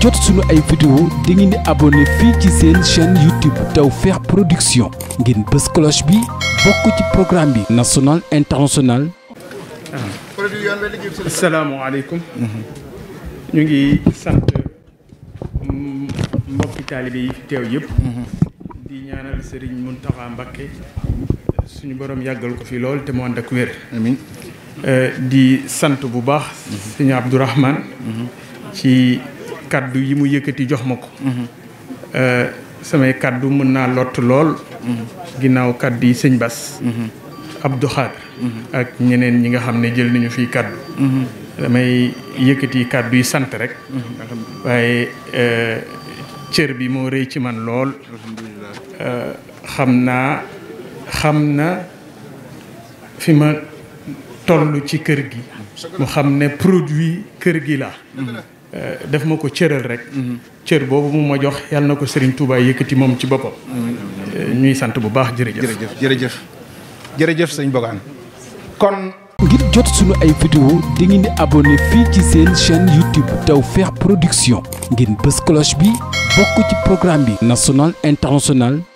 jot suñu ay vidéo da ngeen di abonné fii ci seen chaîne YouTube Tawfekh Production ngeen bës cloche bi bokk ci programme bi national international asalaamaaleykum ñu ngi sant mbokki taalibe yi teew yëpp di ñaanal sëriñ Muntaxa Mbakke suñu borom yàggal ko fi lool te mu ànd ak wér eh, di sant bu baax sëñ Abdourahman mhm. ci kàddu yi mu yëkkati jox ma ko mhm. euh, samay kàddu mën naa lot lool mhm. ginnaaw kàddu yi sëñ Bas mhm. Abdou Khadre ak ñeneen ñi nga xam ne jël nañu fii kàddu damay yëkkati kàddu yi sant rek waaye euh, cër bi moo rëy ci man lool euh, xam naa xam na fi ma toll ci kër gi mu xam ne produit kër gi la Euh, def ma ko cëral rek. Mhm. cër boobu mu ma jox yàlla na ko Serigne Touba yëkkati moom ci boppam. Euh, ñuy sant bu baax jërëjëf. jërëjëf jërëjëf jërëjëf sëñ Bogaan kon. ngir jot suñu ay vidéo di ngeen di abonné fii ci seen chaîne YouTube Tawfekh Production ngeen bës cloche bi bokk ci programme bi national international